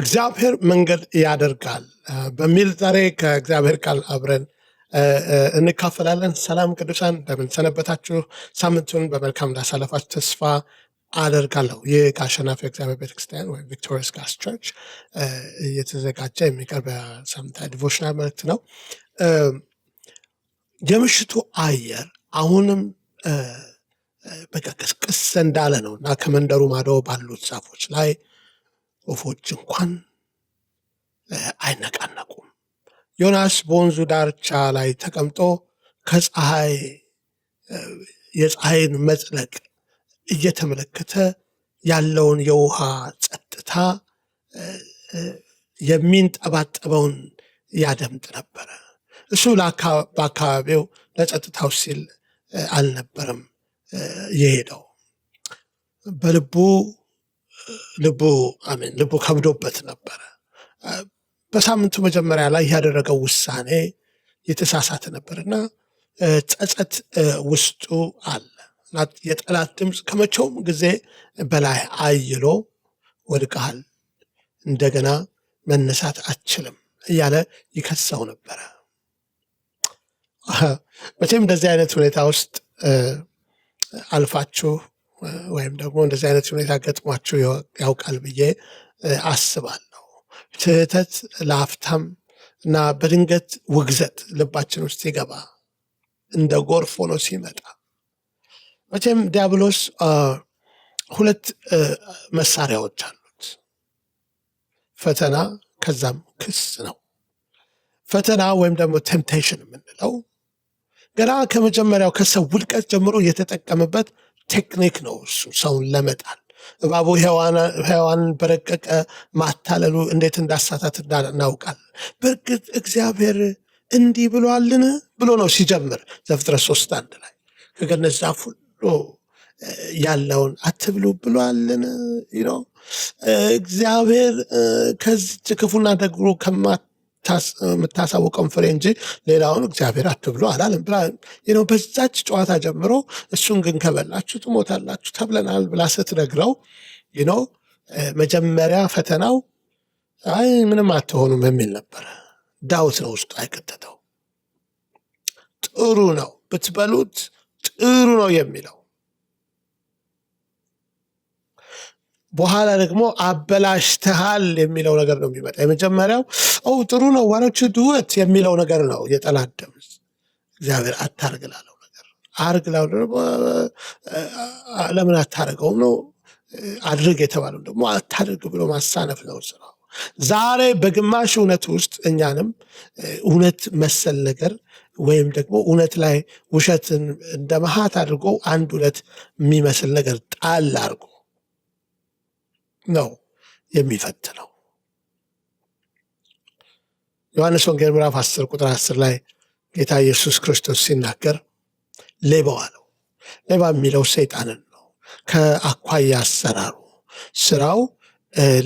እግዚአብሔር መንገድ ያደርጋል በሚል ዛሬ ከእግዚአብሔር ቃል አብረን እንካፈላለን። ሰላም ቅዱሳን፣ እንደምንሰነበታችሁ ሳምንቱን በመልካም እንዳሳለፋችሁ ተስፋ አደርጋለሁ። ይህ ከአሸናፊ እግዚአብሔር ቤተክርስቲያን ወይም ቪክቶሪስ ጋስ ቸርች እየተዘጋጀ የሚቀርብ ሳምንታ ዲቮሽናል መልክት ነው። የምሽቱ አየር አሁንም በቃ ቅስቅስ እንዳለ ነው እና ከመንደሩ ማዶ ባሉት ዛፎች ላይ ወፎች እንኳን አይነቃነቁም። ዮናስ በወንዙ ዳርቻ ላይ ተቀምጦ ከፀሐይ የፀሐይን መጥለቅ እየተመለከተ ያለውን የውሃ ጸጥታ የሚንጠባጠበውን ያደምጥ ነበረ። እሱ በአካባቢው ለጸጥታው ሲል አልነበረም የሄደው። በልቡ ልቡ አሜን ልቡ ከብዶበት ነበረ። በሳምንቱ መጀመሪያ ላይ ያደረገው ውሳኔ የተሳሳተ ነበር እና ጸጸት ውስጡ አለ የጠላት ድምፅ ከመቼውም ጊዜ በላይ አይሎ ወድቀሃል፣ እንደገና መነሳት አችልም እያለ ይከሰው ነበረ። መቼም እንደዚህ አይነት ሁኔታ ውስጥ አልፋችሁ ወይም ደግሞ እንደዚህ አይነት ሁኔታ ገጥሟቸው ያውቃል ብዬ አስባለሁ። ትህተት ለአፍታም እና በድንገት ውግዘት ልባችን ውስጥ ይገባ እንደ ጎርፍ ሆኖ ሲመጣ መቼም ዲያብሎስ ሁለት መሳሪያዎች አሉት፣ ፈተና ከዛም ክስ ነው። ፈተና ወይም ደግሞ ቴምፕቴሽን የምንለው ገና ከመጀመሪያው ከሰው ውድቀት ጀምሮ የተጠቀመበት ቴክኒክ ነው እሱ ሰውን ለመጣል እባቡ ሔዋንን በረቀቀ ማታለሉ እንዴት እንዳሳታት እናውቃል በእርግጥ እግዚአብሔር እንዲህ ብሏልን ብሎ ነው ሲጀምር ዘፍጥረ ሶስት አንድ ላይ ከገነት ዛፍ ሁሉ ያለውን አትብሉ ብሏልን ነው እግዚአብሔር ከዚች ክፉና ደግሮ ከማት የምታሳውቀውን ፍሬ እንጂ ሌላውን እግዚአብሔር አትብሎ አላለም ብላ ነው። በዛች ጨዋታ ጀምሮ እሱን ግን ከበላችሁ ትሞታላችሁ ተብለናል ብላ ስትነግረው ነው መጀመሪያ ፈተናው አይ ምንም አትሆኑም የሚል ነበረ። ዳውት ነው ውስጡ አይከተተው። ጥሩ ነው ብትበሉት ጥሩ ነው የሚለው በኋላ ደግሞ አበላሽተሃል የሚለው ነገር ነው የሚመጣ የመጀመሪያው ጥሩ ነው ዋኖች ድወት የሚለው ነገር ነው። የጠላት ድምፅ እግዚአብሔር አታርግ ላለው ነገር አርግ ላው ለምን አታርገው ነው። አድርግ የተባለው ደግሞ አታድርግ ብሎ ማሳነፍ ነው ስራው። ዛሬ በግማሽ እውነት ውስጥ እኛንም እውነት መሰል ነገር ወይም ደግሞ እውነት ላይ ውሸትን እንደ መሀት አድርጎ አንድ እውነት የሚመስል ነገር ጣል አርጎ ነው የሚፈትነው። ዮሐንስ ወንጌል ምዕራፍ 10 ቁጥር 10 ላይ ጌታ ኢየሱስ ክርስቶስ ሲናገር ሌባው አለው። ሌባ የሚለው ሰይጣንን ነው። ከአኳያ አሰራሩ ስራው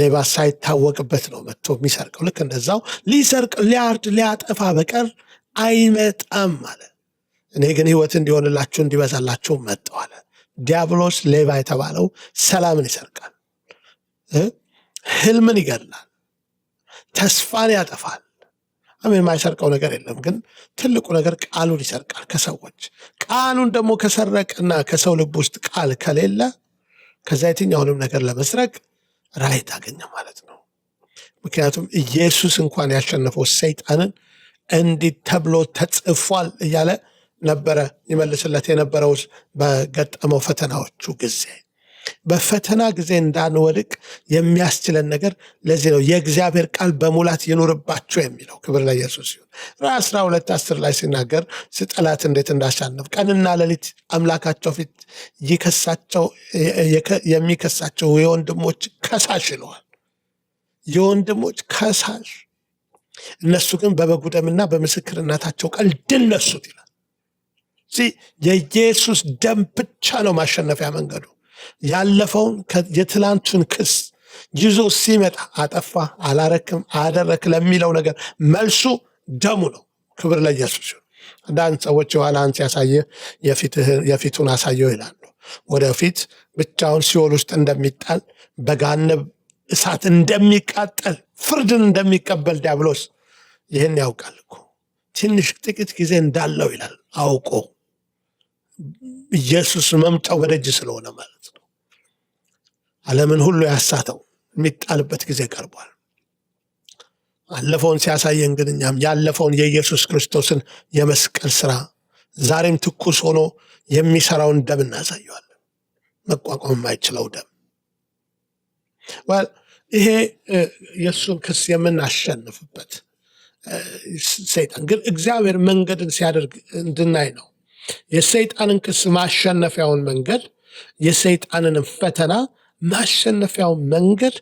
ሌባ ሳይታወቅበት ነው መጥቶ የሚሰርቀው። ልክ እንደዛው ሊሰርቅ ሊያርድ ሊያጠፋ በቀር አይመጣም አለ። እኔ ግን ህይወት እንዲሆንላችሁ እንዲበዛላችሁ መጠዋለ አለ። ዲያብሎስ ሌባ የተባለው ሰላምን ይሰርቃል፣ ህልምን ይገድላል፣ ተስፋን ያጠፋል አሜን። የማይሰርቀው ነገር የለም። ግን ትልቁ ነገር ቃሉን ይሰርቃል ከሰዎች። ቃሉን ደግሞ ከሰረቅና ከሰው ልብ ውስጥ ቃል ከሌለ ከዛ የትኛውንም ነገር ለመስረቅ ራይ ታገኘ ማለት ነው። ምክንያቱም ኢየሱስ እንኳን ያሸነፈው ሰይጣንን እንዲህ ተብሎ ተጽፏል እያለ ነበረ ይመልስለት የነበረው በገጠመው ፈተናዎቹ ጊዜ በፈተና ጊዜ እንዳንወድቅ የሚያስችለን ነገር ለዚህ ነው የእግዚአብሔር ቃል በሙላት ይኖርባቸው የሚለው። ክብር ላይ ኢየሱስ ይሁን። ራዕይ አስራ ሁለት አስር ላይ ሲናገር ስጠላት እንዴት እንዳሻነፍ ቀንና ሌሊት አምላካቸው ፊት ይከሳቸው የሚከሳቸው የወንድሞች ከሳሽ ይለዋል። የወንድሞች ከሳሽ እነሱ ግን በበጉ ደምና በምስክርነታቸው ቃል ድል ነሱት ይላል። የኢየሱስ ደም ብቻ ነው ማሸነፊያ መንገዱ። ያለፈውን የትላንቱን ክስ ይዞ ሲመጣ አጠፋ፣ አላረክም፣ አደረክ ለሚለው ነገር መልሱ ደሙ ነው። ክብር ለኢየሱስ አንዳንድ ሰዎች የኋላ አንስ ያሳየ የፊቱን አሳየው ይላሉ። ወደፊት ብቻውን ሲወል ውስጥ እንደሚጣል በገሃነም እሳት እንደሚቃጠል ፍርድን እንደሚቀበል ዲያብሎስ ይህን ያውቃል እኮ ትንሽ ጥቂት ጊዜ እንዳለው ይላል አውቆ ኢየሱስ መምጣው በደጅ ስለሆነ ማለት ዓለምን ሁሉ ያሳተው የሚጣልበት ጊዜ ቀርቧል። አለፈውን ሲያሳየን ግን እኛም ያለፈውን የኢየሱስ ክርስቶስን የመስቀል ስራ ዛሬም ትኩስ ሆኖ የሚሰራውን ደም እናሳየዋለን። መቋቋም የማይችለው ደም ይሄ የእሱን ክስ የምናሸንፍበት ሰይጣን ግን እግዚአብሔር መንገድን ሲያደርግ እንድናይ ነው። የሰይጣንን ክስ ማሸነፊያውን መንገድ የሰይጣንንም ፈተና ማሸነፊያው መንገድ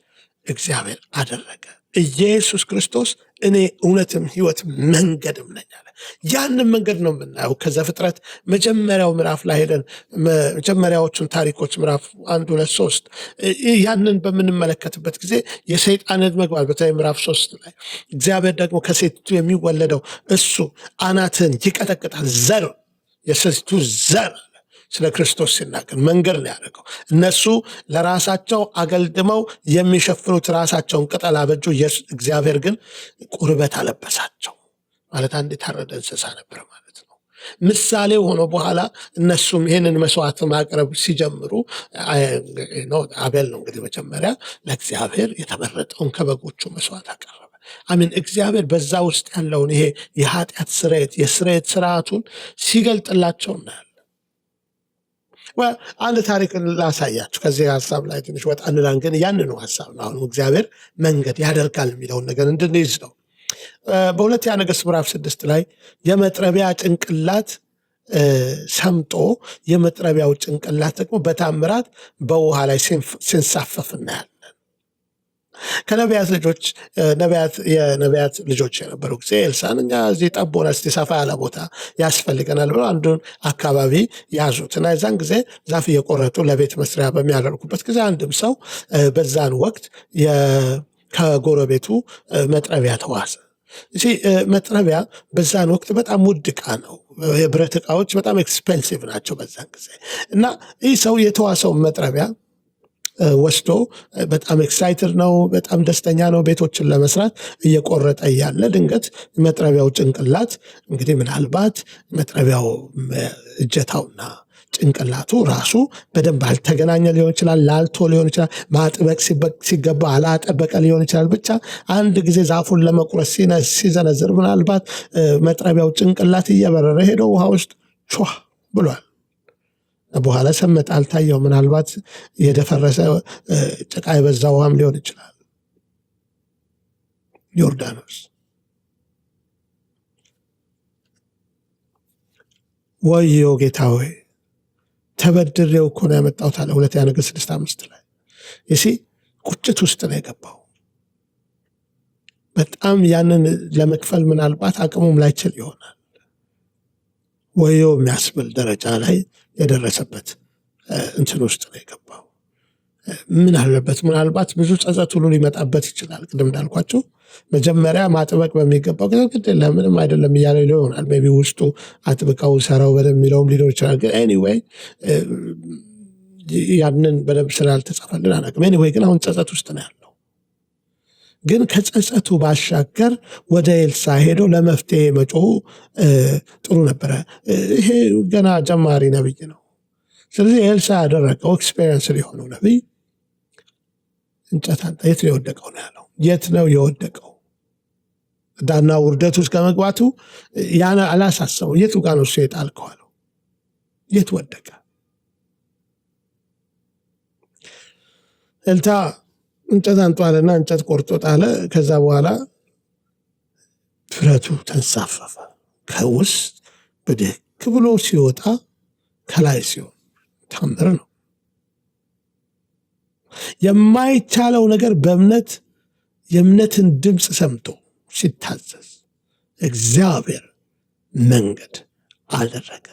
እግዚአብሔር አደረገ። ኢየሱስ ክርስቶስ እኔ እውነትም ህይወት መንገድም ነኝ አለ። ያንን መንገድ ነው የምናየው ፍጥረት መጀመሪያው ምዕራፍ ላይ ሄደን መጀመሪያዎቹን ታሪኮች ምዕራፍ አንድ ሁለት ሶስት ያንን በምንመለከትበት ጊዜ የሰይጣንን መግባት በተለይ ምዕራፍ ሶስት ላይ እግዚአብሔር ደግሞ ከሴቱ የሚወለደው እሱ አናትን ይቀጠቅጣል ዘር የሴቱ ዘር ስለ ክርስቶስ ሲናገር መንገድ ነው ያደረገው። እነሱ ለራሳቸው አገልድመው የሚሸፍኑት ራሳቸውን ቅጠል አበጁ፣ እግዚአብሔር ግን ቁርበት አለበሳቸው። ማለት አንድ የታረደ እንስሳ ነበር ማለት ነው። ምሳሌ ሆኖ በኋላ እነሱም ይህንን መስዋዕት ማቅረብ ሲጀምሩ አቤል ነው እንግዲህ መጀመሪያ ለእግዚአብሔር የተመረጠውን ከበጎቹ መስዋዕት አቀረበ። አሚን እግዚአብሔር በዛ ውስጥ ያለውን ይሄ የኃጢአት ስርየት የስርየት ስርዓቱን ሲገልጥላቸው እናያለን። አንድ ታሪክ ላሳያችሁ። ከዚህ ሀሳብ ላይ ትንሽ ወጣ እንላን፣ ግን ያንኑ ሀሳብ ነው አሁን እግዚአብሔር መንገድ ያደርጋል የሚለውን ነገር እንድንይዝ ነው። በሁለተኛ ነገሥት ምዕራፍ ስድስት ላይ የመጥረቢያ ጭንቅላት ሰምጦ የመጥረቢያው ጭንቅላት ደግሞ በታምራት በውሃ ላይ ሲንሳፈፍ እናያል። ከነቢያት ልጆች የነቢያት ልጆች የነበሩ ጊዜ ኤልሳን እኛ እዚህ ጠቦና ስ ሰፋ ያለ ቦታ ያስፈልገናል ብሎ አንዱን አካባቢ ያዙት እና የዛን ጊዜ ዛፍ እየቆረጡ ለቤት መስሪያ በሚያደርጉበት ጊዜ አንድም ሰው በዛን ወቅት ከጎረቤቱ መጥረቢያ ተዋሰ። እዚ መጥረቢያ በዛን ወቅት በጣም ውድ እቃ ነው። የብረት እቃዎች በጣም ኤክስፐንሲቭ ናቸው በዛን ጊዜ እና ይህ ሰው የተዋሰውን መጥረቢያ ወስዶ በጣም ኤክሳይትድ ነው፣ በጣም ደስተኛ ነው ቤቶችን ለመስራት እየቆረጠ እያለ ድንገት መጥረቢያው ጭንቅላት እንግዲህ ምናልባት መጥረቢያው እጀታውና ጭንቅላቱ ራሱ በደንብ አልተገናኘ ሊሆን ይችላል፣ ላልቶ ሊሆን ይችላል፣ ማጥበቅ ሲገባ አላጠበቀ ሊሆን ይችላል። ብቻ አንድ ጊዜ ዛፉን ለመቁረስ ሲዘነዝር ምናልባት መጥረቢያው ጭንቅላት እየበረረ ሄደው ውሃ ውስጥ ቿ ብሏል። በኋላ ሰመጠ፣ አልታየው። ምናልባት የደፈረሰ ጭቃ የበዛ ውሃም ሊሆን ይችላል። ዮርዳኖስ ወዮ ጌታ ሆይ ተበድሬው እኮ ነው ያመጣሁት አለ። ሁለተኛ ነገሥት ስድስት አምስት ላይ ይሲ ቁጭት ውስጥ ነው የገባው። በጣም ያንን ለመክፈል ምናልባት አቅሙም ላይችል ይሆናል። ወዮ የሚያስብል ደረጃ ላይ የደረሰበት እንትን ውስጥ ነው የገባው። ምን አለበት ምናልባት ብዙ ጸጸት ሁሉ ሊመጣበት ይችላል። ቅድም እንዳልኳቸው መጀመሪያ ማጥበቅ በሚገባው ግን ግድ ለምንም አይደለም እያለ ሊሆ ይሆናል። ቢ ውስጡ አጥብቀው ሰራው በደንብ የሚለውም ሊኖር ይችላል። ግን ኤኒዌይ ያንን በደንብ ስላልተጻፈልን አናውቅም። ኤኒዌይ ግን አሁን ጸጸት ውስጥ ነው ያለ ግን ከጸጸቱ ባሻገር ወደ ኤልሳ ሄዶ ለመፍትሄ መጮሁ ጥሩ ነበረ። ይሄ ገና ጀማሪ ነብይ ነው። ስለዚህ ኤልሳ ያደረገው ኤክስፔሪንስ የሆነው ነብይ እንጨት አንጣ የት ነው የወደቀው ነው ያለው። የት ነው የወደቀው? ዳና ውርደት ውስጥ ከመግባቱ ያነ አላሳሰበው። የቱ ጋር ነው እሱ የጣልከው የት ወደቀ? ኤልታ እንጨት አንጧልና እንጨት ቆርጦ ጣለ። ከዛ በኋላ ብረቱ ተንሳፈፈ። ከውስጥ ብድግ ብሎ ሲወጣ ከላይ ሲሆን ታምር ነው። የማይቻለው ነገር በእምነት የእምነትን ድምፅ ሰምቶ ሲታዘዝ እግዚአብሔር መንገድ አደረገ።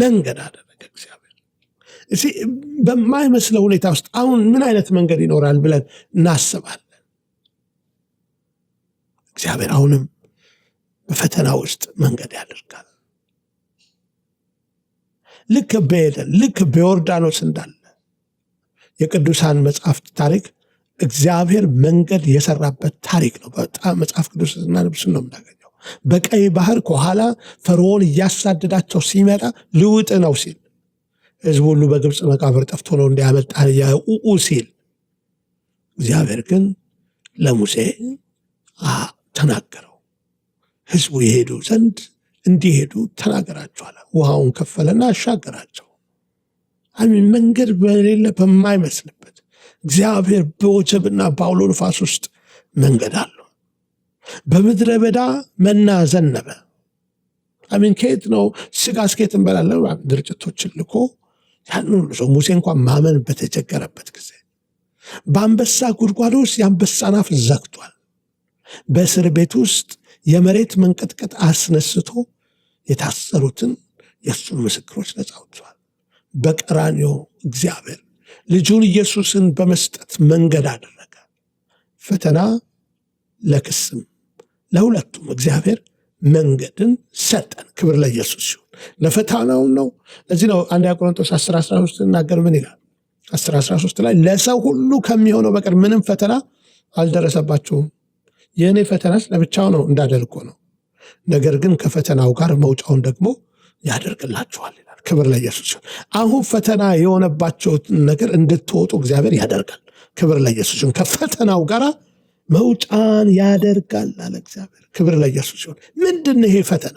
መንገድ አደረገ እግዚአብሔር በማይመስለው ሁኔታ ውስጥ አሁን ምን አይነት መንገድ ይኖራል ብለን እናስባለን። እግዚአብሔር አሁንም በፈተና ውስጥ መንገድ ያደርጋል። ልክ በኤደን ልክ በዮርዳኖስ እንዳለ የቅዱሳን መጽሐፍት ታሪክ እግዚአብሔር መንገድ የሰራበት ታሪክ ነው። በጣም መጽሐፍ ቅዱስ ስናነብስ ነው የምናገኘው። በቀይ ባህር ከኋላ ፈርዖን እያሳደዳቸው ሲመጣ ልውጥ ነው ሲል ህዝቡ ሁሉ በግብፅ መቃብር ጠፍቶ ነው እንዲያመጣን እያቁቁ ሲል እግዚአብሔር ግን ለሙሴ ተናገረው። ህዝቡ የሄዱ ዘንድ እንዲሄዱ ተናገራቸዋል። ውሃውን ከፈለና አሻገራቸው። መንገድ በሌለ በማይመስልበት እግዚአብሔር በወጀብና በአውሎ ንፋስ ውስጥ መንገድ አለው። በምድረ በዳ መና ዘነበ። አሚን ከየት ነው ስጋ እስከየት እንበላለን? ድርጭቶችን ልኮ ያን ሁሉ ሰው ሙሴ እንኳን ማመን በተቸገረበት ጊዜ በአንበሳ ጉድጓድ ውስጥ የአንበሳን አፍ ዘግቷል። በእስር ቤት ውስጥ የመሬት መንቀጥቀጥ አስነስቶ የታሰሩትን የእሱን ምስክሮች ነጻ አውጥቷል። እግዚአብሔር ልጁን ኢየሱስን በመስጠት መንገድ አደረገ። ፈተና ለክስም ለሁለቱም እግዚአብሔር መንገድን ሰጠን። ክብር ለኢየሱስ ይሁን። ለፈተናውን ነው። ለዚህ ነው አንድ ቆሮንቶስ 10 13 ስናገር ምን ይላል? 113 13 ላይ ለሰው ሁሉ ከሚሆነው በቀር ምንም ፈተና አልደረሰባቸውም? የእኔ ፈተናስ ለብቻው ነው እንዳደርጎ ነው። ነገር ግን ከፈተናው ጋር መውጫውን ደግሞ ያደርግላችኋል ይላል። ክብር ለኢየሱስ ይሁን። አሁን ፈተና የሆነባቸውን ነገር እንድትወጡ እግዚአብሔር ያደርጋል። ክብር ለኢየሱስ ይሁን። ከፈተናው ጋር መውጫን ያደርጋል አለ እግዚአብሔር። ክብር ለኢየሱስ ይሁን። ምንድን ይሄ ፈተና?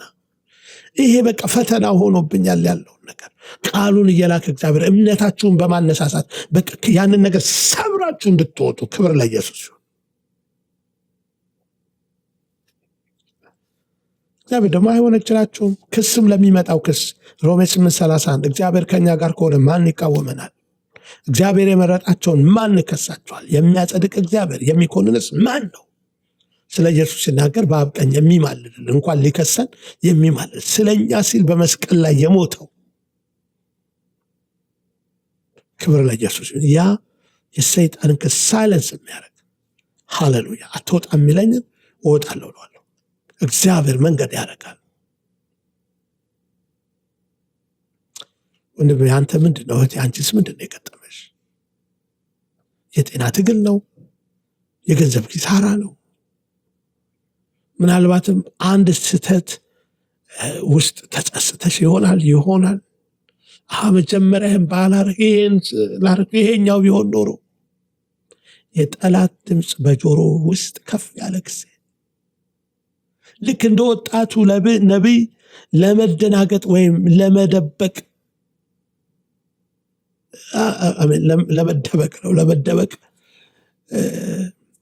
ይሄ በቃ ፈተና ሆኖብኛል ያለውን ነገር ቃሉን እየላከ እግዚአብሔር እምነታችሁን በማነሳሳት ያንን ነገር ሰብራችሁ እንድትወጡ ክብር ለኢየሱስ ይሁን። እግዚአብሔር ደግሞ አይወነጅላችሁም። ክስም ለሚመጣው ክስ ሮሜ 8፥31 እግዚአብሔር ከኛ ጋር ከሆነ ማን ይቃወመናል? እግዚአብሔር የመረጣቸውን ማን ከሳቸዋል? የሚያጸድቅ እግዚአብሔር የሚኮንንስ ማን ነው? ስለ ኢየሱስ ሲናገር በአብ ቀኝ የሚማልልን እንኳን ሊከሰን የሚማልድ ስለኛ ሲል በመስቀል ላይ የሞተው ክብር ለኢየሱስ ይሁን። ያ የሰይጣንን ክስ ሳይለንስ የሚያደርግ ሃሌሉያ። አትወጣ የሚለኝን እወጣለሁ እለዋለሁ። እግዚአብሔር መንገድ ያደርጋል። ወንድ አንተ ምንድን ነው? እህቴ አንቺስ ምንድን ነው የገጠመሽ? የጤና ትግል ነው? የገንዘብ ኪሳራ ነው? ምናልባትም አንድ ስህተት ውስጥ ተጸስተሽ ይሆናል ይሆናል መጀመሪያም ባላርግ ላርግ ይሄኛው ቢሆን ኖሮ የጠላት ድምፅ በጆሮ ውስጥ ከፍ ያለ ጊዜ ልክ እንደ ወጣቱ ነቢይ ለመደናገጥ ወይም ለመደበቅ ለመደበቅ ነው ለመደበቅ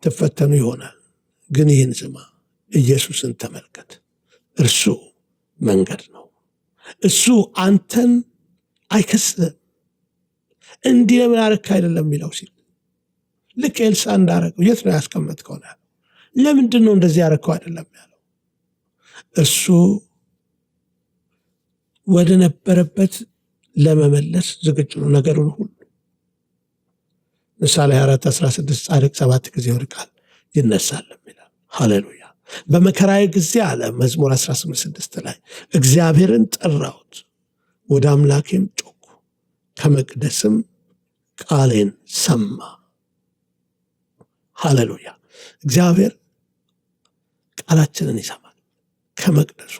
ትፈተኑ ይሆናል። ግን ይህን ስማ ኢየሱስን ተመልከት። እርሱ መንገድ ነው። እሱ አንተን አይከስህም። እንዲህ ለምን አረክ አይደለም የሚለው ሲል ልክ ኤልሳ እንዳረገው የት ነው ያስቀመጥከው ነው ያለው። ለምንድን ነው እንደዚህ ያረከው አይደለም ያለው። እርሱ ወደ ነበረበት ለመመለስ ዝግጁ ነው ነገሩን ሁሉ ምሳሌ 4 16 ጻድቅ ሰባት ጊዜ ይወድቃል ይነሳልም ይላል። ሃሌሉያ በመከራዊ ጊዜ አለ መዝሙር 186 ላይ እግዚአብሔርን ጠራሁት፣ ወደ አምላኬም ጮኩ፣ ከመቅደስም ቃሌን ሰማ። ሃሌሉያ! እግዚአብሔር ቃላችንን ይሰማል ከመቅደሱ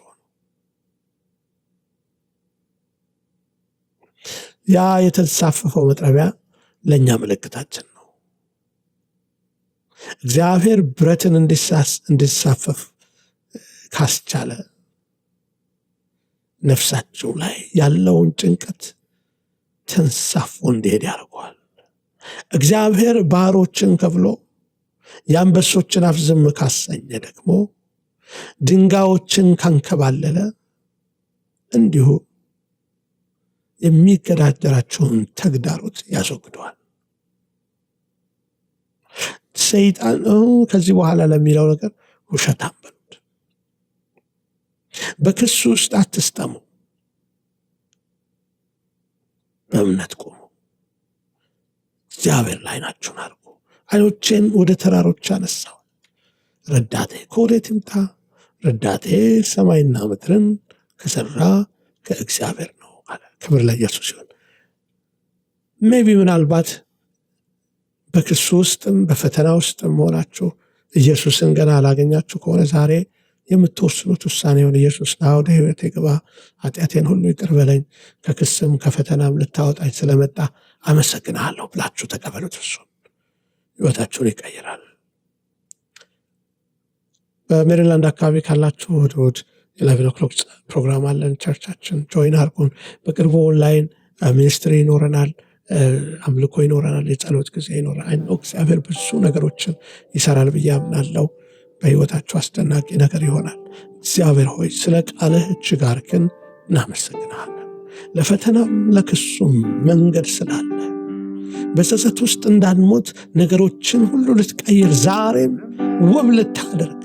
ያ የተንሳፈፈው መጥረቢያ ለእኛ ምልክታችን እግዚአብሔር ብረትን እንዲሳፈፍ ካስቻለ ነፍሳቸው ላይ ያለውን ጭንቀት ተንሳፎ እንዲሄድ ያደርገዋል። እግዚአብሔር ባህሮችን ከፍሎ የአንበሶችን አፍ ዝም ካሰኘ ደግሞ ድንጋዮችን ካንከባለለ እንዲሁ የሚገዳደራቸውን ተግዳሮት ያስወግደዋል። ሰይጣን ከዚህ በኋላ ለሚለው ነገር ውሸታም በሉት። በክሱ ውስጥ አትስጠሙ። በእምነት ቆሙ። እግዚአብሔር ላይ ናችሁን አድርጉ። አይኖቼን ወደ ተራሮች አነሳው። ረዳቴ ከወዴት ይምጣ? ረዳቴ ሰማይና ምድርን ከሰራ ከእግዚአብሔር ነው አለ። ክብር ለኢየሱስ ይሁን። ሜቢ ምናልባት በክሱ ውስጥም በፈተና ውስጥም መሆናችሁ ኢየሱስን ገና አላገኛችሁ ከሆነ ዛሬ የምትወስኑት ውሳኔውን ኢየሱስ ና ወደ ሕይወቴ ግባ፣ ኃጢአቴን ሁሉ ይቅር በለኝ፣ ከክስም ከፈተናም ልታወጣኝ ስለመጣ አመሰግናለሁ ብላችሁ ተቀበሉት። እሱ ህይወታችሁን ይቀይራል። በሜሪላንድ አካባቢ ካላችሁ እሑድ እሑድ ኢሌቨን ኦክሎክ ፕሮግራም አለን። ቸርቻችን ጆይን አርጉን። በቅርቡ ኦንላይን ሚኒስትሪ ይኖረናል። አምልኮ ይኖረናል፣ የጸሎት ጊዜ ይኖረናል። እግዚአብሔር ብዙ ነገሮችን ይሰራል ብዬ አምናለሁ። በህይወታችሁ አስደናቂ ነገር ይሆናል። እግዚአብሔር ሆይ ስለ ቃልህ እጅግ ግን እናመሰግናለን። ለፈተናም ለክሱም መንገድ ስላለ በጸጸት ውስጥ እንዳንሞት ነገሮችን ሁሉ ልትቀይር ዛሬም ውብ ልታደርግ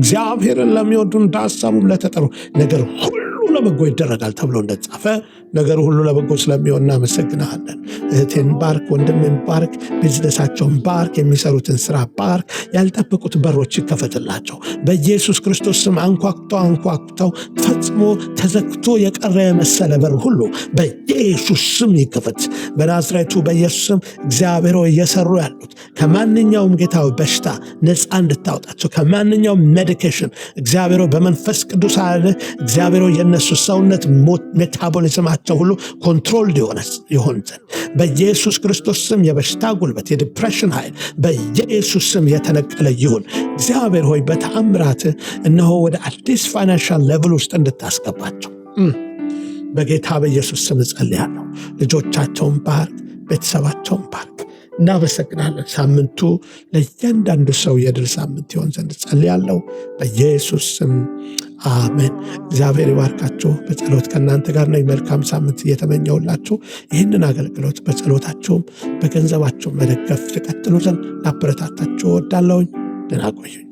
እግዚአብሔርን ለሚወዱ እንደ ሀሳቡም ለተጠሩ ነገር ሁሉ ሁሉ ለበጎ ይደረጋል ተብሎ እንደተጻፈ ነገሩ ሁሉ ለበጎ ስለሚሆን እናመሰግናለን። እህቴን ባርክ፣ ወንድምን ባርክ፣ ቢዝነሳቸውን ባርክ፣ የሚሰሩትን ስራ ባርክ። ያልጠበቁት በሮች ይከፈትላቸው በኢየሱስ ክርስቶስ ስም። አንኳኩተው አንኳኩተው ፈጽሞ ተዘግቶ የቀረ የመሰለ በር ሁሉ በኢየሱስ ስም ይከፈት። በናዝሬቱ በኢየሱስ ስም እግዚአብሔር እየሰሩ ያሉት ከማንኛውም ጌታዊ በሽታ ነፃ እንድታወጣቸው ከማንኛውም ሜዲኬሽን እግዚአብሔር በመንፈስ ቅዱስ አለ እግዚአብሔር የነ የነሱ ሰውነት ሜታቦሊዝማቸው ሁሉ ኮንትሮልድ ይሆን ዘንድ በኢየሱስ ክርስቶስ ስም የበሽታ ጉልበት፣ የዲፕሬሽን ኃይል በኢየሱስ ስም የተነቀለ ይሁን። እግዚአብሔር ሆይ በተአምራት እነሆ ወደ አዲስ ፋይናንሻል ሌቭል ውስጥ እንድታስገባቸው በጌታ በኢየሱስ ስም እጸልያለሁ። ልጆቻቸውን ባርክ፣ ቤተሰባቸውን ባርክ። እናመሰግናለን። ሳምንቱ ለእያንዳንዱ ሰው የድል ሳምንት ይሆን ዘንድ ጸልያለው በኢየሱስ ስም። አሜን። እግዚአብሔር ይባርካችሁ። በጸሎት ከእናንተ ጋር ነው። መልካም ሳምንት እየተመኘሁላችሁ ይህንን አገልግሎት በጸሎታችሁም በገንዘባችሁም መደገፍ ትቀጥሉ ዘንድ ላበረታታችሁ እወዳለሁኝ። ደህና ቆዩኝ።